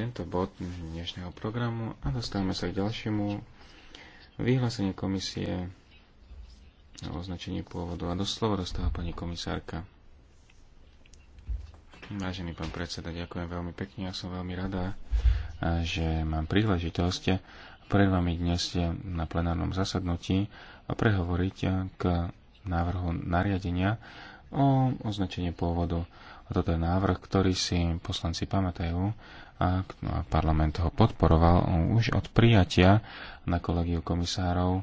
tento bod dnešného programu a dostávame sa k ďalšiemu vyhlásenie komisie o označení pôvodu a doslova dostáva pani komisárka. Vážený pán predseda, ďakujem veľmi pekne. Ja som veľmi rada, že mám príležitosť pred vami dnes na plenárnom zasadnutí prehovoriť k návrhu nariadenia o označenie pôvodu. A toto je návrh, ktorý si poslanci pamätajú a, no a parlament ho podporoval už od prijatia na kolegiu komisárov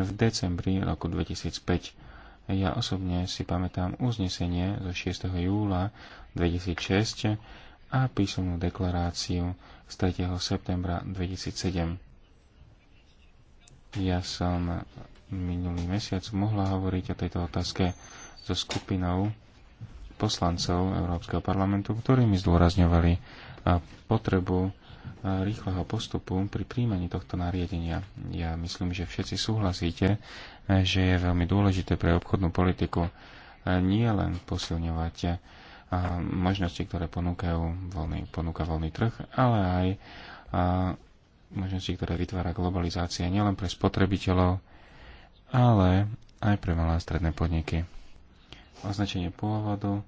v decembri roku 2005. Ja osobne si pamätám uznesenie zo 6. júla 2006 a písomnú deklaráciu z 3. septembra 2007. Ja som minulý mesiac mohla hovoriť o tejto otázke so skupinou poslancov Európskeho parlamentu, ktorí mi zdôrazňovali potrebu e, rýchleho postupu pri príjmaní tohto nariadenia. Ja myslím, že všetci súhlasíte, e, že je veľmi dôležité pre obchodnú politiku e, nie len posilňovať možnosti, ktoré ponúkajú voľný, ponúka voľný trh, ale aj možnosti, ktoré vytvára globalizácia nielen pre spotrebiteľov, ale aj pre malé a stredné podniky. Označenie pôvodu,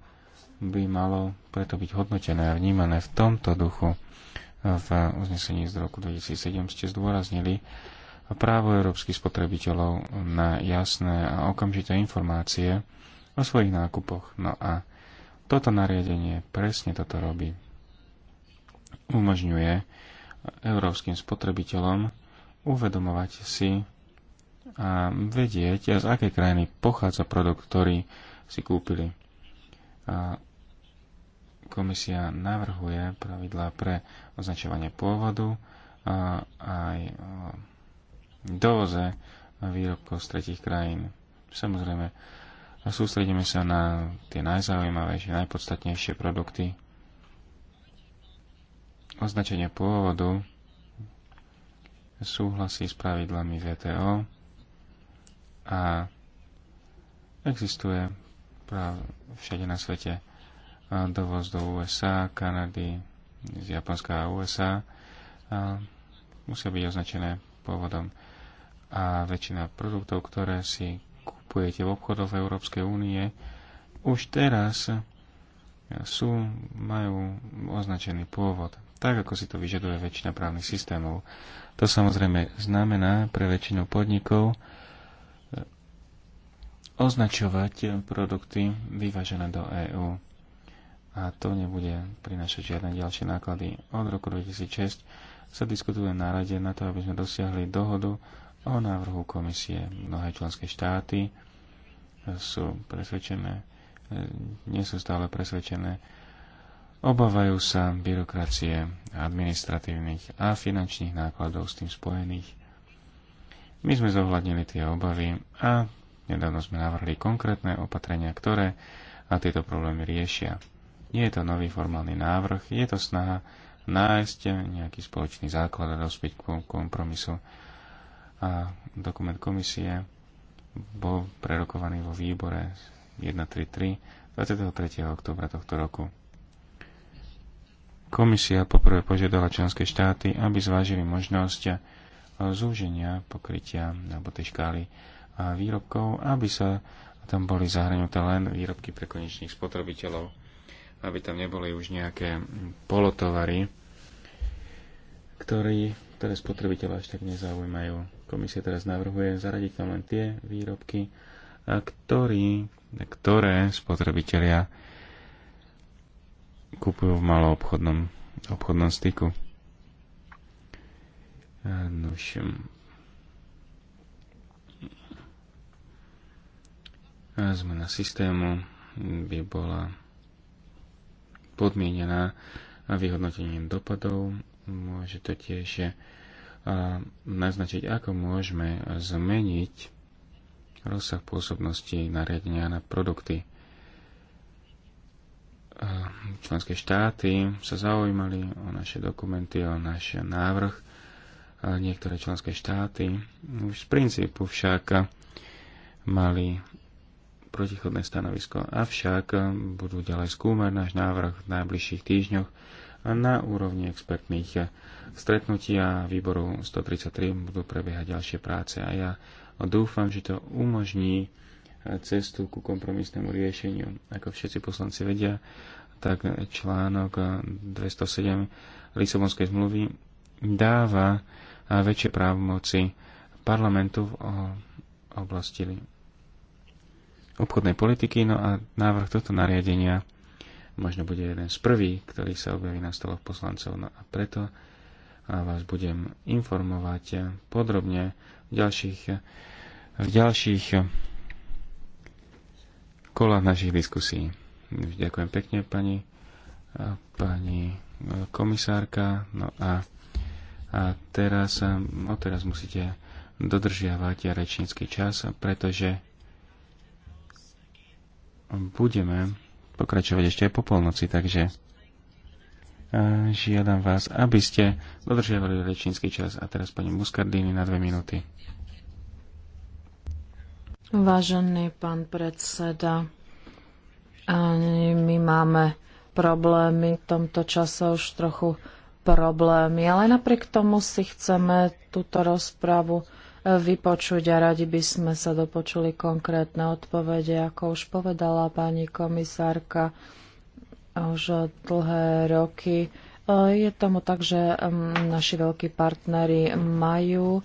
by malo preto byť hodnotené a vnímané v tomto duchu. V uznesení z roku 2007 ste zdôraznili právo európskych spotrebiteľov na jasné a okamžité informácie o svojich nákupoch. No a toto nariadenie presne toto robí. Umožňuje európskym spotrebiteľom uvedomovať si a vedieť, z akej krajiny pochádza produkt, ktorý si kúpili. A Komisia navrhuje pravidlá pre označovanie pôvodu a aj dovoze výrobkov z tretich krajín. Samozrejme, sústredíme sa na tie najzaujímavejšie, najpodstatnejšie produkty. Označenie pôvodu súhlasí s pravidlami VTO a existuje všade na svete dovoz do USA, Kanady, z Japonska a USA a musia byť označené pôvodom. A väčšina produktov, ktoré si kupujete v obchodoch Európskej únie, už teraz sú, majú označený pôvod, tak ako si to vyžaduje väčšina právnych systémov. To samozrejme znamená pre väčšinu podnikov e, označovať produkty vyvážené do EÚ a to nebude prinašať žiadne ďalšie náklady. Od roku 2006 sa diskutuje na rade na to, aby sme dosiahli dohodu o návrhu komisie. Mnohé členské štáty sú presvedčené, e, nie sú stále presvedčené, obávajú sa byrokracie administratívnych a finančných nákladov s tým spojených. My sme zohľadnili tie obavy a nedávno sme navrhli konkrétne opatrenia, ktoré a tieto problémy riešia. Nie je to nový formálny návrh, je to snaha nájsť nejaký spoločný základ a dospieť k kompromisu. A dokument komisie bol prerokovaný vo výbore 133 23. oktobra tohto roku. Komisia poprvé požiadala členské štáty, aby zvážili možnosť zúženia pokrytia alebo tej škály výrobkov, aby sa tam boli zahrnuté len výrobky pre konečných spotrebiteľov aby tam neboli už nejaké polotovary, ktorý, ktoré spotrebiteľa až tak nezaujímajú. Komisia teraz navrhuje zaradiť tam len tie výrobky, a ktorý, ktoré spotrebitelia kupujú v malom obchodnom, obchodnom styku. Nož, hm. zmena systému by bola podmienená vyhodnotením dopadov. Môže to tiež eh, naznačiť, ako môžeme zmeniť rozsah pôsobnosti nariadenia na produkty. Eh, členské štáty sa zaujímali o naše dokumenty, o náš návrh. Niektoré členské štáty už z princípu však mali protichodné stanovisko. Avšak um, budú ďalej skúmať náš návrh v najbližších týždňoch a na úrovni expertných uh, stretnutí a výboru 133 budú prebiehať ďalšie práce a ja dúfam, že to umožní uh, cestu ku kompromisnému riešeniu. Ako všetci poslanci vedia, tak článok 207 uh, Lisabonskej zmluvy dáva väčšie právomoci parlamentu v oblasti obchodnej politiky. No a návrh tohto nariadenia možno bude jeden z prvých, ktorý sa objaví na stoloch poslancov. No a preto vás budem informovať podrobne v ďalších, v ďalších kolách našich diskusí. Ďakujem pekne, pani, pani komisárka. No a, a teraz, o teraz musíte dodržiavať rečnícky čas, pretože budeme pokračovať ešte aj po polnoci, takže e, žiadam vás, aby ste dodržiavali rečnícky čas. A teraz pani Muscardini na dve minúty. Vážený pán predseda, my máme problémy v tomto čase už trochu problémy, ale napriek tomu si chceme túto rozpravu vypočuť a radi by sme sa dopočuli konkrétne odpovede. Ako už povedala pani komisárka už dlhé roky, e, je tomu tak, že naši veľkí partnery majú e,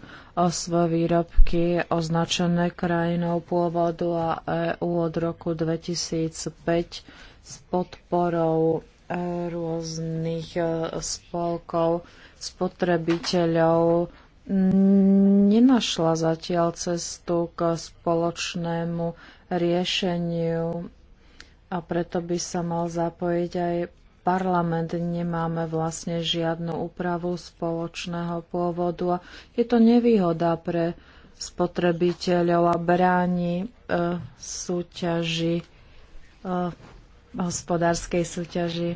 svoje výrobky označené krajinou pôvodu a EU od roku 2005 s podporou e, rôznych spolkov spotrebiteľov Mm, nenašla zatiaľ cestu k spoločnému riešeniu a preto by sa mal zapojiť aj parlament. Nemáme vlastne žiadnu úpravu spoločného pôvodu a je to nevýhoda pre spotrebiteľov a bráni e, súťaži, e, hospodárskej súťaži.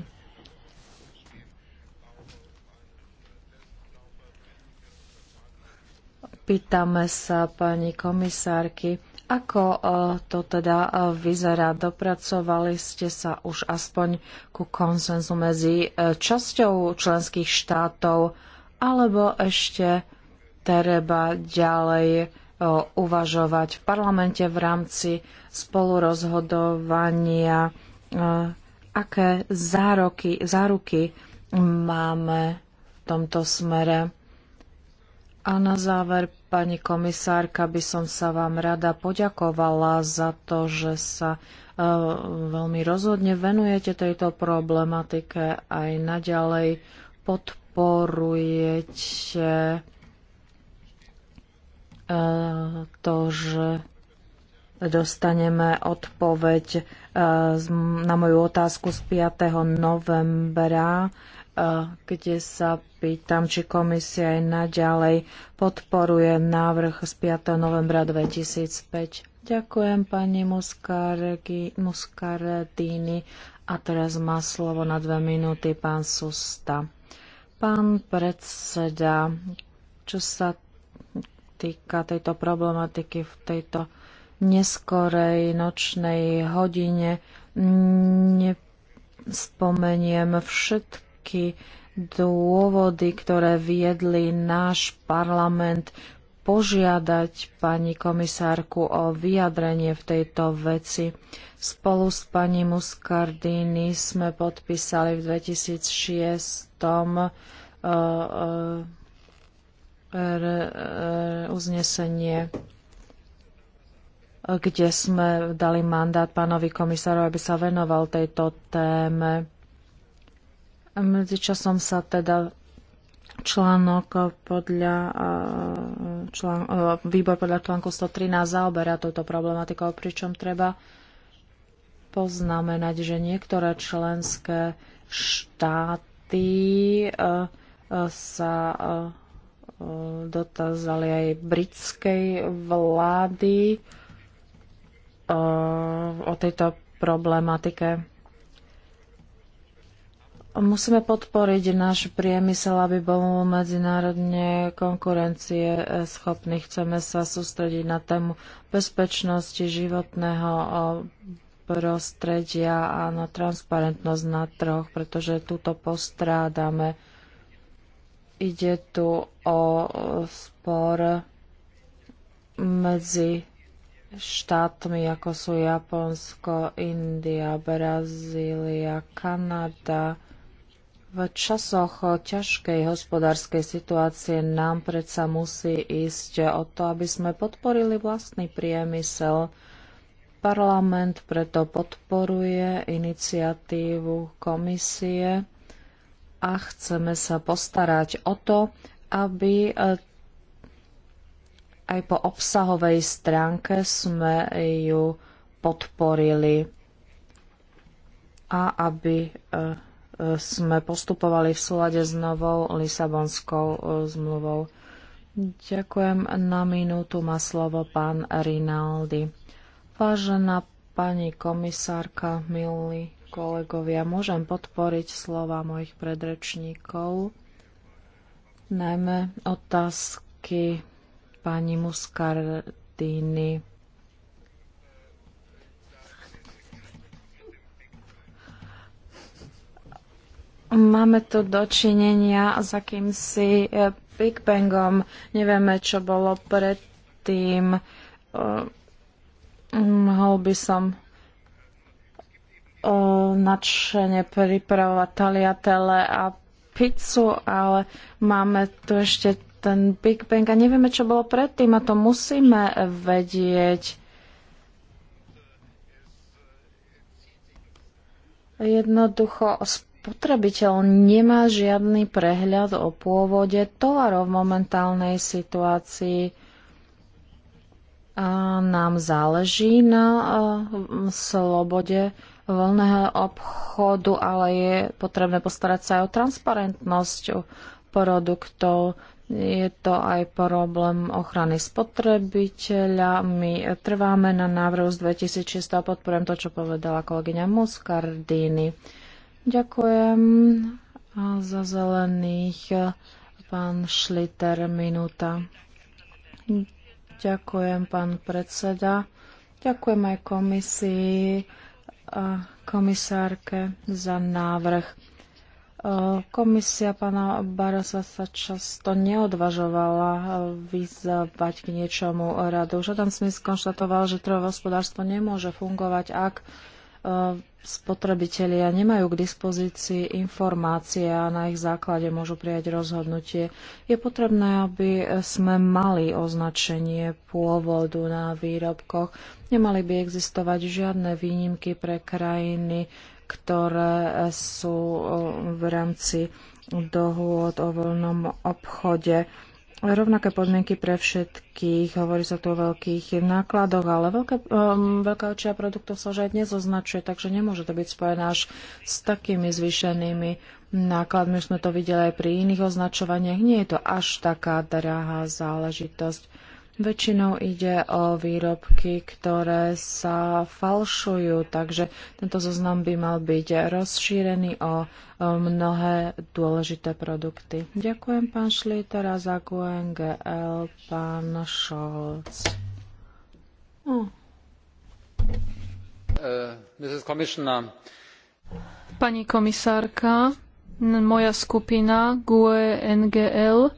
Pýtame sa pani komisárky, ako e, to teda e, vyzerá? Dopracovali ste sa už aspoň ku konsenzu medzi e, časťou členských štátov, alebo ešte treba ďalej uvažovať v parlamente v rámci spolurozhodovania, aké záruky máme v tomto smere a na záver, pani komisárka, by som sa vám rada poďakovala za to, že sa e, veľmi rozhodne venujete tejto problematike aj naďalej podporujete e, to, že dostaneme odpoveď e, na moju otázku z 5. novembra kde sa pýtam, či komisia aj naďalej podporuje návrh z 5. novembra 2005. Ďakujem pani Muscardini. A teraz má slovo na dve minúty pán Susta. Pán predseda, čo sa týka tejto problematiky v tejto neskorej nočnej hodine, nespomeniem všetky všetky dôvody, ktoré viedli náš parlament požiadať pani komisárku o vyjadrenie v tejto veci. Spolu s pani Muscardini sme podpísali v 2006 uh, uh, uznesenie, kde sme dali mandát pánovi komisárovi, aby sa venoval tejto téme. Medzičasom sa teda článok podľa eh, člán, eh, výbor podľa článku 113 zaoberá touto problematikou, pričom treba poznamenať, že niektoré členské štáty eh, sa dotazali aj britskej vlády o tejto problematike. Musíme podporiť náš priemysel, aby bol medzinárodne konkurencie e, schopný. Chceme sa sústrediť na tému bezpečnosti životného e, prostredia a na transparentnosť na troch, pretože túto postrádame. Ide tu o e, spor medzi štátmi, ako sú Japonsko, India, Brazília, Kanada, v časoch ťažkej hospodárskej situácie nám predsa musí ísť o to, aby sme podporili vlastný priemysel. Parlament preto podporuje iniciatívu komisie a chceme sa postarať o to, aby eh, aj po obsahovej stránke sme ju podporili a aby eh, sme postupovali v súlade s novou Lisabonskou e, zmluvou. Ďakujem. Na minútu má slovo pán Rinaldi. Vážená pani komisárka, milí kolegovia, môžem podporiť slova mojich predrečníkov, najmä otázky pani Muscardini Máme tu dočinenia s akýmsi e, Big Bangom. Nevieme, čo bolo predtým. E, mohol by som e, nadšene pripravovať taliatele a pizzu, ale máme tu ešte ten Big Bang a nevieme, čo bolo predtým a to musíme vedieť. Jednoducho spotrebiteľ nemá žiadny prehľad o pôvode tovarov v momentálnej situácii. A nám záleží na e, slobode voľného obchodu, ale je potrebné postarať sa aj o transparentnosť produktov. Je to aj problém ochrany spotrebiteľa. My trváme na návrhu z 2006 a podporujem to, čo povedala kolegyňa Muscardini. Ďakujem za zelených. E, pán Šliter, minúta. Ďakujem, pán predseda. Ďakujem aj komisii a komisárke za návrh. E, komisia pána Barasa sa často neodvažovala e, vyzvať k niečomu radu. Žadan Smith skonštatoval, že hospodárstvo nemôže fungovať, ak E, spotrebitelia nemajú k dispozícii informácie a na ich základe môžu prijať rozhodnutie. Je potrebné, aby sme mali označenie pôvodu na výrobkoch. Nemali by existovať žiadne výnimky pre krajiny, ktoré sú e, v rámci dohôd o voľnom obchode rovnaké podmienky pre všetkých. Hovorí sa tu o veľkých nákladoch, ale veľká, um, veľká väčšina produktov sa už aj dnes označuje, takže nemôže to byť spojené až s takými zvýšenými nákladmi. Už sme to videli aj pri iných označovaniach. Nie je to až taká drahá záležitosť. Väčšinou ide o výrobky, ktoré sa falšujú, takže tento zoznam by mal byť rozšírený o mnohé dôležité produkty. Ďakujem, pán Šliter, za QNGL pán Scholz. Hm. Uh, uh Pani komisárka, moja skupina GUE NGL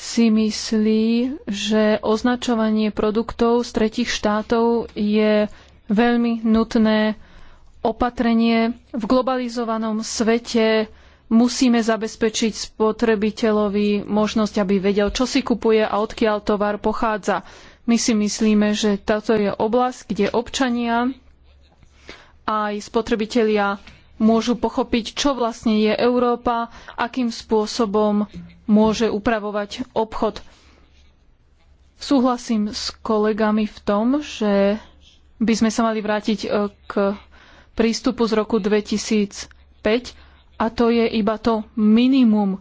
si myslí, že označovanie produktov z tretich štátov je veľmi nutné opatrenie. V globalizovanom svete musíme zabezpečiť spotrebiteľovi možnosť, aby vedel, čo si kupuje a odkiaľ tovar pochádza. My si myslíme, že táto je oblasť, kde občania aj spotrebitelia môžu pochopiť, čo vlastne je Európa, akým spôsobom môže upravovať obchod. Súhlasím s kolegami v tom, že by sme sa mali vrátiť e, k prístupu z roku 2005 a to je iba to minimum,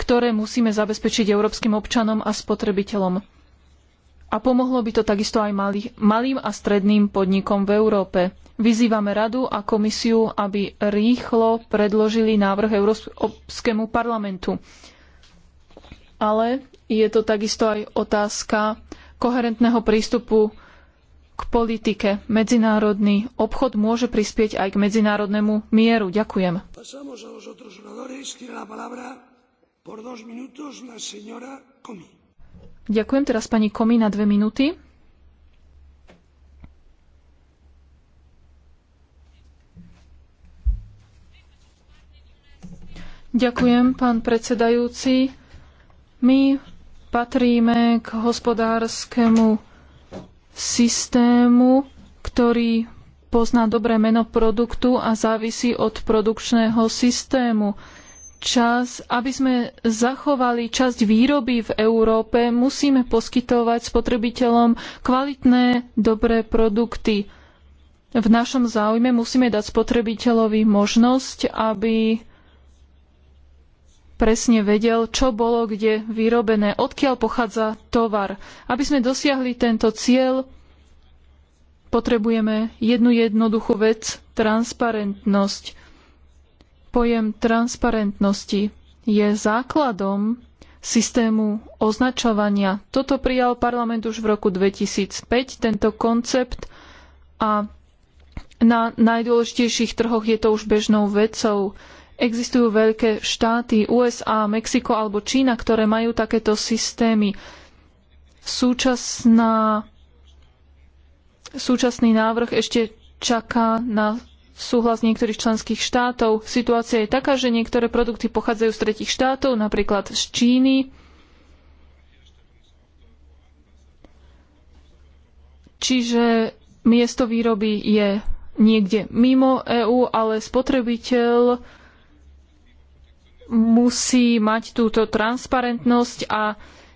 ktoré musíme zabezpečiť európskym občanom a spotrebiteľom a pomohlo by to takisto aj malým a stredným podnikom v Európe. Vyzývame Radu a komisiu, aby rýchlo predložili návrh Európskemu parlamentu. Ale je to takisto aj otázka koherentného prístupu k politike. Medzinárodný obchod môže prispieť aj k medzinárodnému mieru. Ďakujem. por dos minutos la señora Comi. Ďakujem teraz pani Komi na dve minúty. Ďakujem, pán predsedajúci. My patríme k hospodárskému systému, ktorý pozná dobré meno produktu a závisí od produkčného systému čas, aby sme zachovali časť výroby v Európe, musíme poskytovať spotrebiteľom kvalitné, dobré produkty. V našom záujme musíme dať spotrebiteľovi možnosť, aby presne vedel, čo bolo kde vyrobené, odkiaľ pochádza tovar. Aby sme dosiahli tento cieľ, potrebujeme jednu jednoduchú vec transparentnosť Pojem transparentnosti je základom systému označovania. Toto prijal parlament už v roku 2005, tento koncept a na najdôležitejších trhoch je to už bežnou vecou. Existujú veľké štáty USA, Mexiko alebo Čína, ktoré majú takéto systémy. Súčasná, súčasný návrh ešte čaká na súhlas niektorých členských štátov. Situácia je taká, že niektoré produkty pochádzajú z tretich štátov, napríklad z Číny. Čiže miesto výroby je niekde mimo EÚ, ale spotrebiteľ musí mať túto transparentnosť a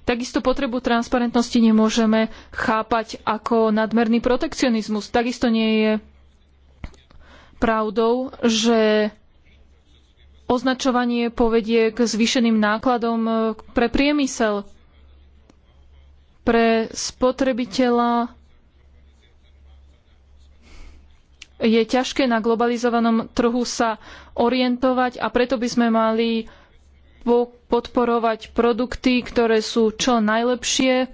Takisto potrebu transparentnosti nemôžeme chápať ako nadmerný protekcionizmus. Takisto nie je pravdou, že označovanie povedie k zvýšeným nákladom e, pre priemysel, pre spotrebiteľa je ťažké na globalizovanom trhu sa orientovať a preto by sme mali podporovať produkty, ktoré sú čo najlepšie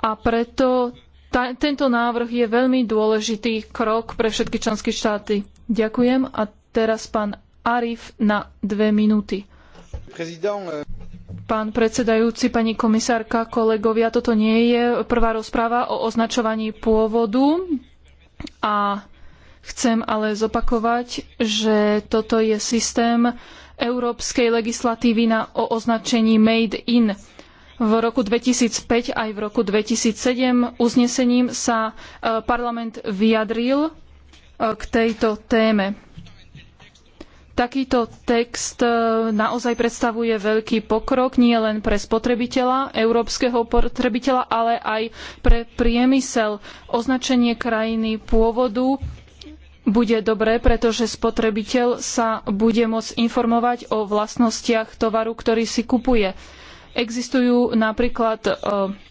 a preto ta, tento návrh je veľmi dôležitý krok pre všetky členské štáty. Ďakujem a teraz pán Arif na dve minúty. Pán predsedajúci, pani komisárka, kolegovia, toto nie je prvá rozpráva o označovaní pôvodu a chcem ale zopakovať, že toto je systém európskej legislatívy na, o označení Made in v roku 2005 aj v roku 2007 uznesením sa e, parlament vyjadril e, k tejto téme. Takýto text e, naozaj predstavuje veľký pokrok nie len pre spotrebiteľa, európskeho spotrebiteľa, ale aj pre priemysel. Označenie krajiny pôvodu bude dobré, pretože spotrebiteľ sa bude môcť informovať o vlastnostiach tovaru, ktorý si kupuje. Existujú napríklad e,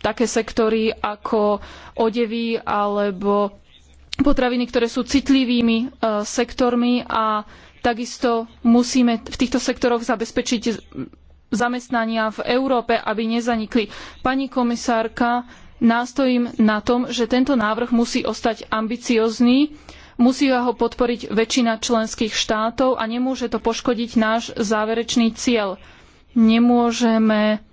také sektory ako odevy alebo potraviny, ktoré sú citlivými e, sektormi a takisto musíme v týchto sektoroch zabezpečiť zamestnania v Európe, aby nezanikli. Pani komisárka, nástojím na tom, že tento návrh musí ostať ambiciózny, musí ho podporiť väčšina členských štátov a nemôže to poškodiť náš záverečný cieľ nemôžeme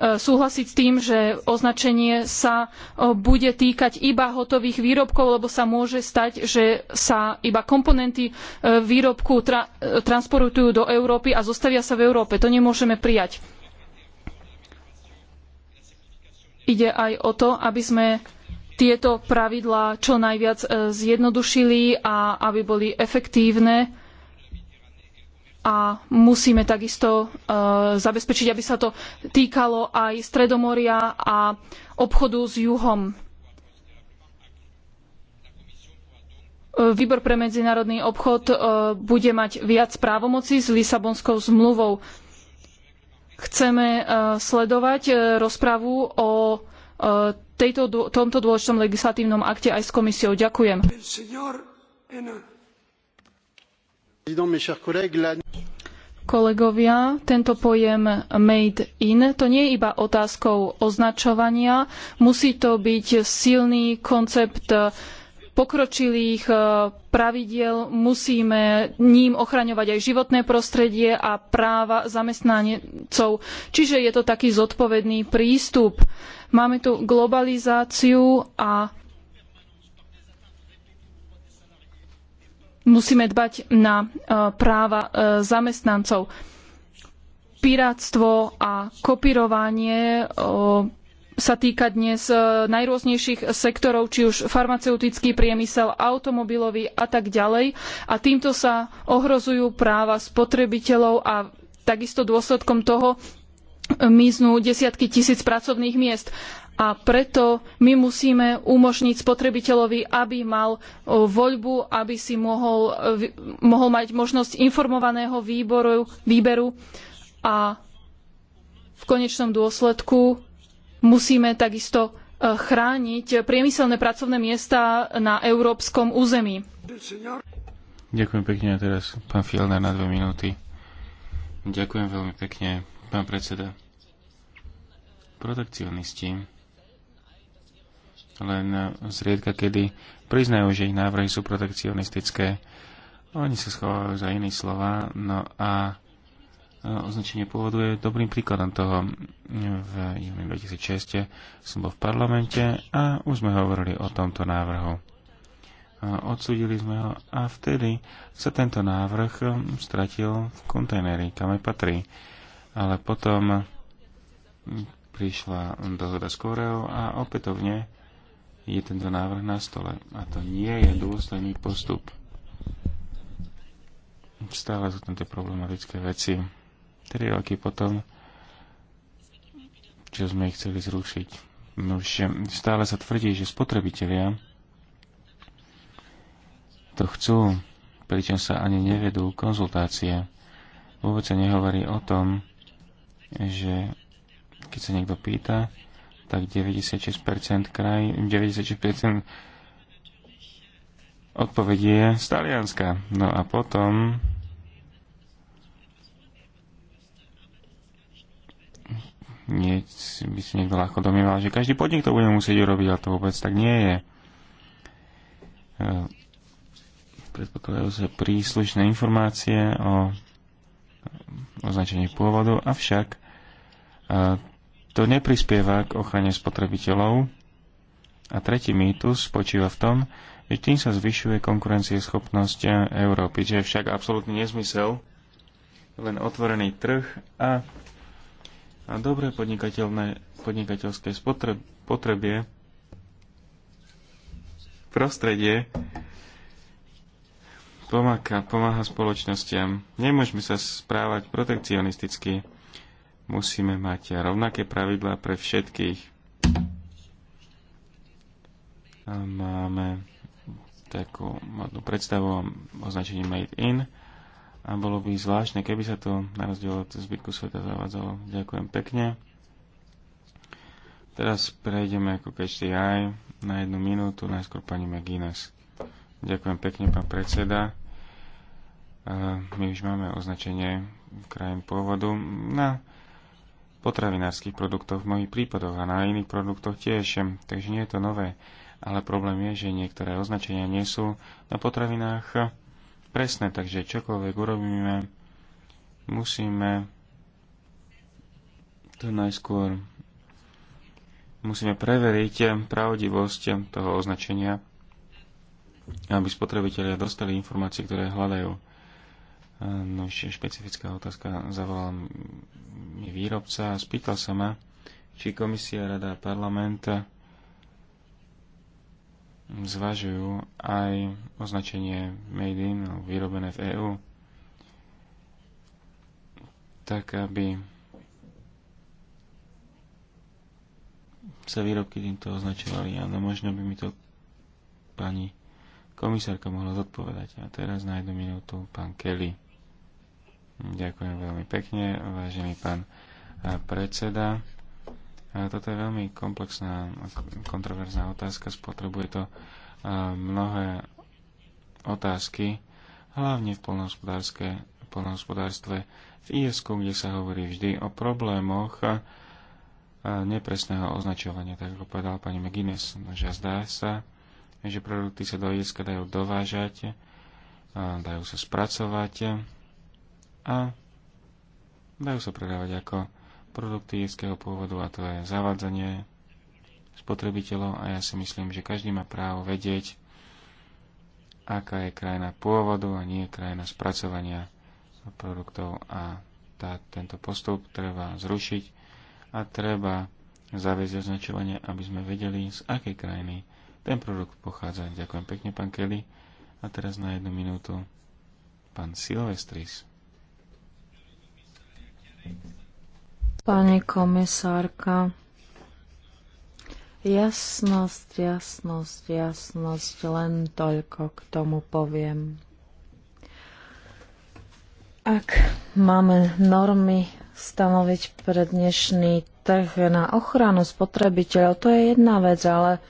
E, súhlasiť s tým, že označenie sa e, bude týkať iba hotových výrobkov, lebo sa môže stať, že sa iba komponenty e, výrobku tra transportujú do Európy a zostavia sa v Európe. To nemôžeme prijať. Ide aj o to, aby sme tieto pravidlá čo najviac zjednodušili a aby boli efektívne a musíme takisto e, zabezpečiť, aby sa to týkalo aj Stredomoria a obchodu s juhom. E, výbor pre medzinárodný obchod e, bude mať viac právomocí s Lisabonskou zmluvou. Chceme sledovať rozpravu o tejto, tomto dôležitom legislatívnom akte aj s komisiou. Ďakujem. Kolegovia, tento pojem made in to nie je iba otázkou označovania, musí to byť silný koncept pokročilých eh, pravidiel, musíme ním ochraňovať aj životné prostredie a práva zamestnancov. Čiže je to taký zodpovedný prístup. Máme tu globalizáciu a musíme dbať na e, práva e, zamestnancov. Piráctvo a kopírovanie e, sa týka dnes najrôznejších sektorov, či už farmaceutický priemysel, automobilový a tak ďalej. A týmto sa ohrozujú práva spotrebiteľov a takisto dôsledkom toho miznú desiatky tisíc pracovných miest a preto my musíme umožniť spotrebiteľovi, aby mal e, voľbu, aby si mohol, e, mohol mať možnosť informovaného výboru, výberu a v konečnom dôsledku musíme takisto e, chrániť priemyselné pracovné miesta na európskom území. Ďakujem pekne teraz pán Fielner na dve minúty. Ďakujem veľmi pekne, pán predseda. Protekcionisti len zriedka, kedy priznajú, že ich návrhy sú protekcionistické. Oni sa schovajú za iné slova, no a označenie pôvodu je dobrým príkladom toho. V júni 2006 som bol v parlamente a už sme hovorili o tomto návrhu. Odsudili sme ho a vtedy sa tento návrh stratil v kontajneri, kam aj patrí. Ale potom prišla dohoda s Koreou a opätovne je tento návrh na stole. A to nie je dôstojný postup. Stále sú tam tie problematické veci. Tri roky potom, čo sme ich chceli zrušiť. No stále sa tvrdí, že spotrebitelia to chcú, pričom sa ani nevedú konzultácie. Vôbec sa nehovorí o tom, že keď sa niekto pýta, tak 96% kraj, 96% odpovedí je z Talianska. No a potom nie, by si niekto ľahko domýval, že každý podnik to bude musieť urobiť, ale to vôbec tak nie je. E, predpokladajú sa príslušné informácie o označení pôvodu, avšak e, to neprispieva k ochrane spotrebiteľov. A tretí mýtus spočíva v tom, že tým sa zvyšuje konkurencieschopnosť Európy, čo je však absolútny nezmysel, len otvorený trh a, a dobré podnikateľské spotre, potrebie prostredie pomáha, pomáha spoločnostiam. Nemôžeme sa správať protekcionisticky musíme mať rovnaké pravidlá pre všetkých. A máme takú modnú predstavu o označení Made in a bolo by zvláštne, keby sa to na rozdiel od zbytku sveta zavádzalo. Ďakujem pekne. Teraz prejdeme ku KHTI na jednu minútu, najskôr pani McGuinness. Ďakujem pekne, pán predseda. My už máme označenie krajín pôvodu na potravinárskych produktoch v mojich prípadoch a na iných produktoch tiež, takže nie je to nové. Ale problém je, že niektoré označenia nie sú na potravinách presné, takže čokoľvek urobíme, musíme to najskôr musíme preveriť pravdivosť toho označenia, aby spotrebitelia dostali informácie, ktoré hľadajú. No, špecifická otázka zavolal mi výrobca a spýtal sa ma, či komisia, rada a parlament zvažujú aj označenie made in, vyrobené v EÚ, tak aby sa výrobky týmto označovali. Áno, možno by mi to pani komisárka mohla zodpovedať. A teraz na jednu minútu pán Kelly. Ďakujem veľmi pekne, vážený pán predseda. Toto je veľmi komplexná, kontroverzná otázka. Spotrebuje to mnohé otázky, hlavne v polnohospodárstve v Írsku, kde sa hovorí vždy o problémoch nepresného označovania, tak ako povedal pani McGuinness. Že zdá sa, že produkty sa do Írska dajú dovážať, dajú sa spracovať, a dajú sa predávať ako produkty jedského pôvodu a to je zavádzanie spotrebiteľov a ja si myslím, že každý má právo vedieť, aká je krajina pôvodu a nie krajina spracovania produktov a tá, tento postup treba zrušiť a treba zaviesť označovanie, aby sme vedeli, z akej krajiny ten produkt pochádza. Ďakujem pekne, pán Kelly. A teraz na jednu minútu pán Silvestris. Pani komisárka, jasnosť, jasnosť, jasnosť, len toľko k tomu poviem. Ak máme normy stanoviť pre dnešný trh na ochranu spotrebiteľov, to je jedna vec, ale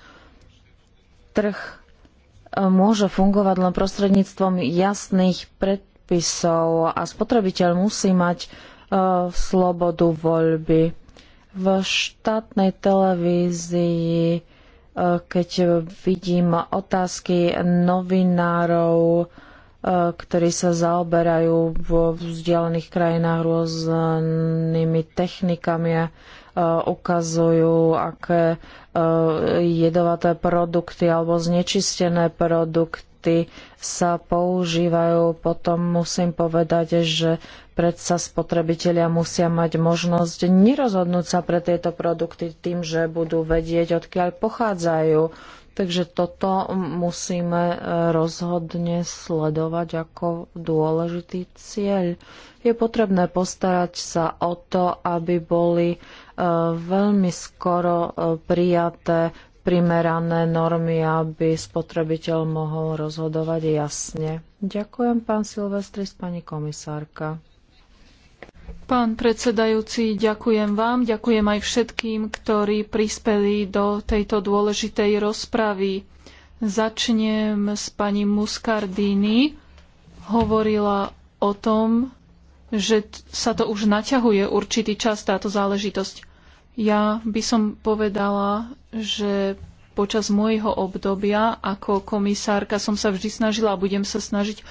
trh e, môže fungovať len prostredníctvom jasných predpisov a spotrebiteľ musí mať E, slobodu voľby. V štátnej televízii, e, keď vidím otázky novinárov, e, ktorí sa zaoberajú vo vzdialených krajinách rôznymi technikami a ukazujú, aké jedovaté produkty alebo znečistené produkty kvóty sa používajú, potom musím povedať, že predsa spotrebitelia musia mať možnosť nerozhodnúť sa pre tieto produkty tým, že budú vedieť, odkiaľ pochádzajú. Takže toto musíme e, rozhodne sledovať ako dôležitý cieľ. Je potrebné postarať sa o to, aby boli e, veľmi skoro e, prijaté primerané normy, aby spotrebiteľ mohol rozhodovať jasne. Ďakujem, pán Silvestris, pani komisárka. Pán predsedajúci, ďakujem vám, ďakujem aj všetkým, ktorí prispeli do tejto dôležitej rozpravy. Začnem s pani Muscardini. Hovorila o tom, že sa to už naťahuje určitý čas táto záležitosť. Ja by som povedala, že počas môjho obdobia ako komisárka som sa vždy snažila a budem sa snažiť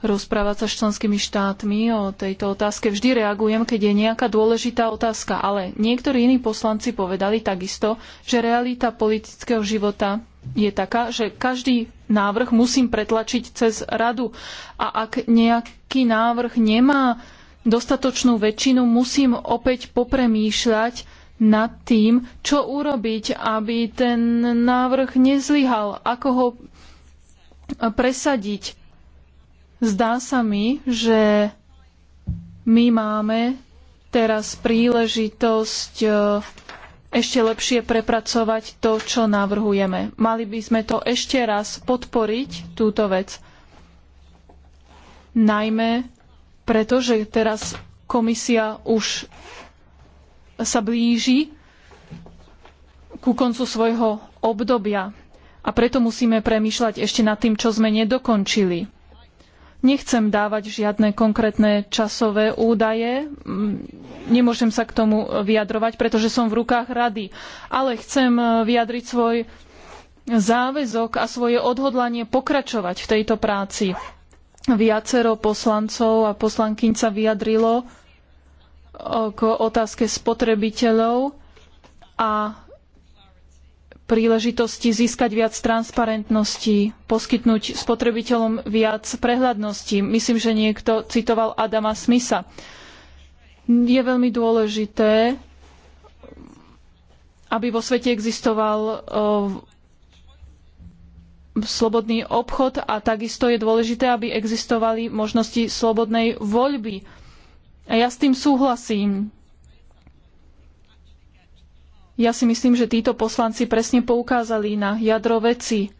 rozprávať sa s členskými štátmi o tejto otázke. Vždy reagujem, keď je nejaká dôležitá otázka, ale niektorí iní poslanci povedali takisto, že realita politického života je taká, že každý návrh musím pretlačiť cez radu a ak nejaký návrh nemá dostatočnú väčšinu, musím opäť popremýšľať, nad tým, čo urobiť, aby ten návrh nezlyhal, ako ho presadiť. Zdá sa mi, že my máme teraz príležitosť e, ešte lepšie prepracovať to, čo navrhujeme. Mali by sme to ešte raz podporiť, túto vec. Najmä preto, že teraz komisia už sa blíži ku koncu svojho obdobia a preto musíme premýšľať ešte nad tým, čo sme nedokončili. Nechcem dávať žiadne konkrétne časové údaje, nemôžem sa k tomu vyjadrovať, pretože som v rukách rady, ale chcem vyjadriť svoj záväzok a svoje odhodlanie pokračovať v tejto práci. Viacero poslancov a poslankyň sa vyjadrilo, k otázke spotrebiteľov a príležitosti získať viac transparentnosti, poskytnúť spotrebiteľom viac prehľadnosti. Myslím, že niekto citoval Adama Smitha. Je veľmi dôležité, aby vo svete existoval eh, slobodný obchod a takisto je dôležité, aby existovali možnosti slobodnej voľby a ja s tým súhlasím. Ja si myslím, že títo poslanci presne poukázali na jadro veci.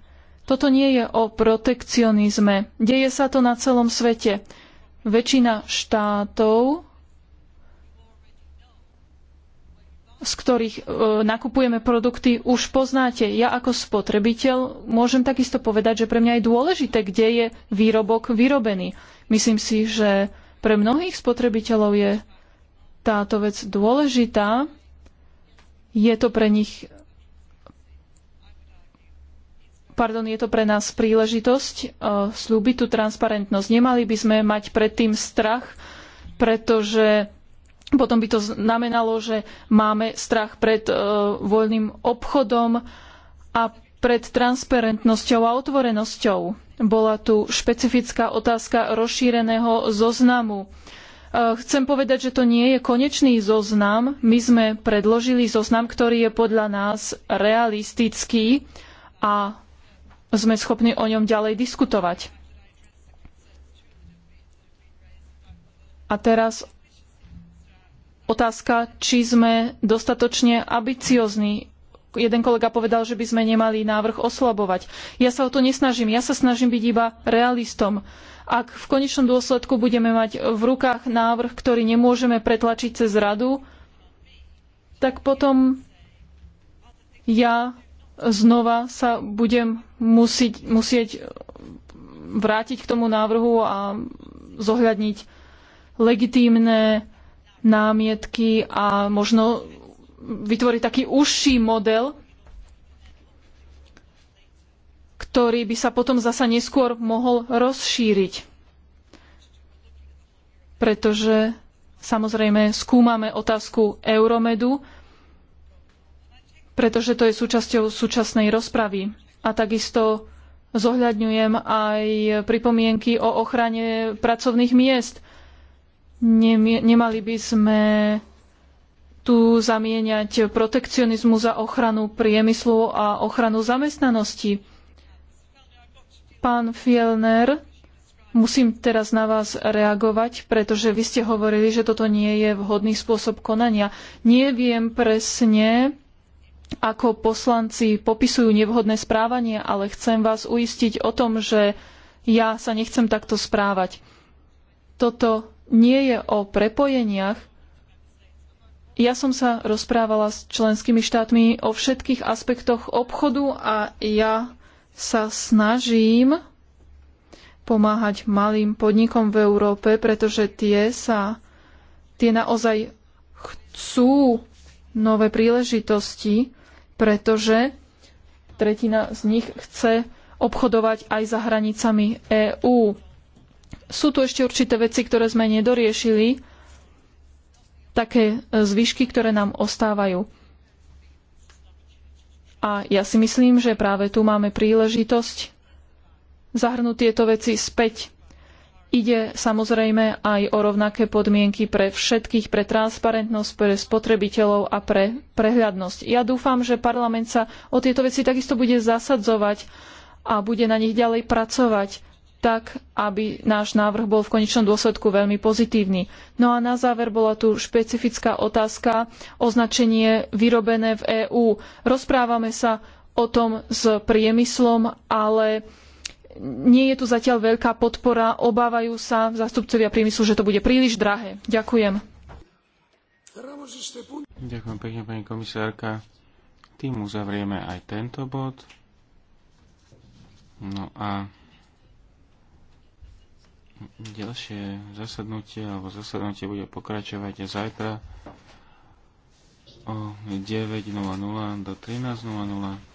Toto nie je o protekcionizme. Deje sa to na celom svete. Väčšina štátov, z ktorých e, nakupujeme produkty, už poznáte. Ja ako spotrebiteľ môžem takisto povedať, že pre mňa je dôležité, kde je výrobok vyrobený. Myslím si, že pre mnohých spotrebiteľov je táto vec dôležitá. Je to pre nich pardon, je to pre nás príležitosť uh, slúbiť tú transparentnosť. Nemali by sme mať predtým strach, pretože potom by to znamenalo, že máme strach pred uh, voľným obchodom a pred transparentnosťou a otvorenosťou. Bola tu špecifická otázka rozšíreného zoznamu. E, chcem povedať, že to nie je konečný zoznam. My sme predložili zoznam, ktorý je podľa nás realistický a sme schopní o ňom ďalej diskutovať. A teraz otázka, či sme dostatočne ambiciozni jeden kolega povedal, že by sme nemali návrh oslabovať. Ja sa o to nesnažím. Ja sa snažím byť iba realistom. Ak v konečnom dôsledku budeme mať v rukách návrh, ktorý nemôžeme pretlačiť cez radu, tak potom ja znova sa budem musieť, musieť vrátiť k tomu návrhu a zohľadniť legitímne námietky a možno vytvoriť taký užší model, ktorý by sa potom zasa neskôr mohol rozšíriť. Pretože samozrejme skúmame otázku Euromedu, pretože to je súčasťou súčasnej rozpravy. A takisto zohľadňujem aj pripomienky o ochrane pracovných miest. Nemali by sme tu zamieňať protekcionizmu za ochranu priemyslu a ochranu zamestnanosti. Pán Fielner, musím teraz na vás reagovať, pretože vy ste hovorili, že toto nie je vhodný spôsob konania. Neviem presne, ako poslanci popisujú nevhodné správanie, ale chcem vás uistiť o tom, že ja sa nechcem takto správať. Toto nie je o prepojeniach, ja som sa rozprávala s členskými štátmi o všetkých aspektoch obchodu a ja sa snažím pomáhať malým podnikom v Európe, pretože tie sa tie naozaj chcú nové príležitosti, pretože tretina z nich chce obchodovať aj za hranicami EÚ. Sú tu ešte určité veci, ktoré sme nedoriešili také e, zvyšky, ktoré nám ostávajú. A ja si myslím, že práve tu máme príležitosť zahrnúť tieto veci späť. Ide samozrejme aj o rovnaké podmienky pre všetkých, pre transparentnosť, pre spotrebiteľov a pre prehľadnosť. Ja dúfam, že parlament sa o tieto veci takisto bude zasadzovať a bude na nich ďalej pracovať tak aby náš návrh bol v konečnom dôsledku veľmi pozitívny. No a na záver bola tu špecifická otázka označenie vyrobené v EÚ. Rozprávame sa o tom s priemyslom, ale nie je tu zatiaľ veľká podpora. Obávajú sa zástupcovia priemyslu, že to bude príliš drahé. Ďakujem. Ďakujem pekne, pani komisárka. Tým uzavrieme aj tento bod. No a ďalšie zasadnutie alebo zasadnutie bude pokračovať zajtra o 9.00 do 13.00.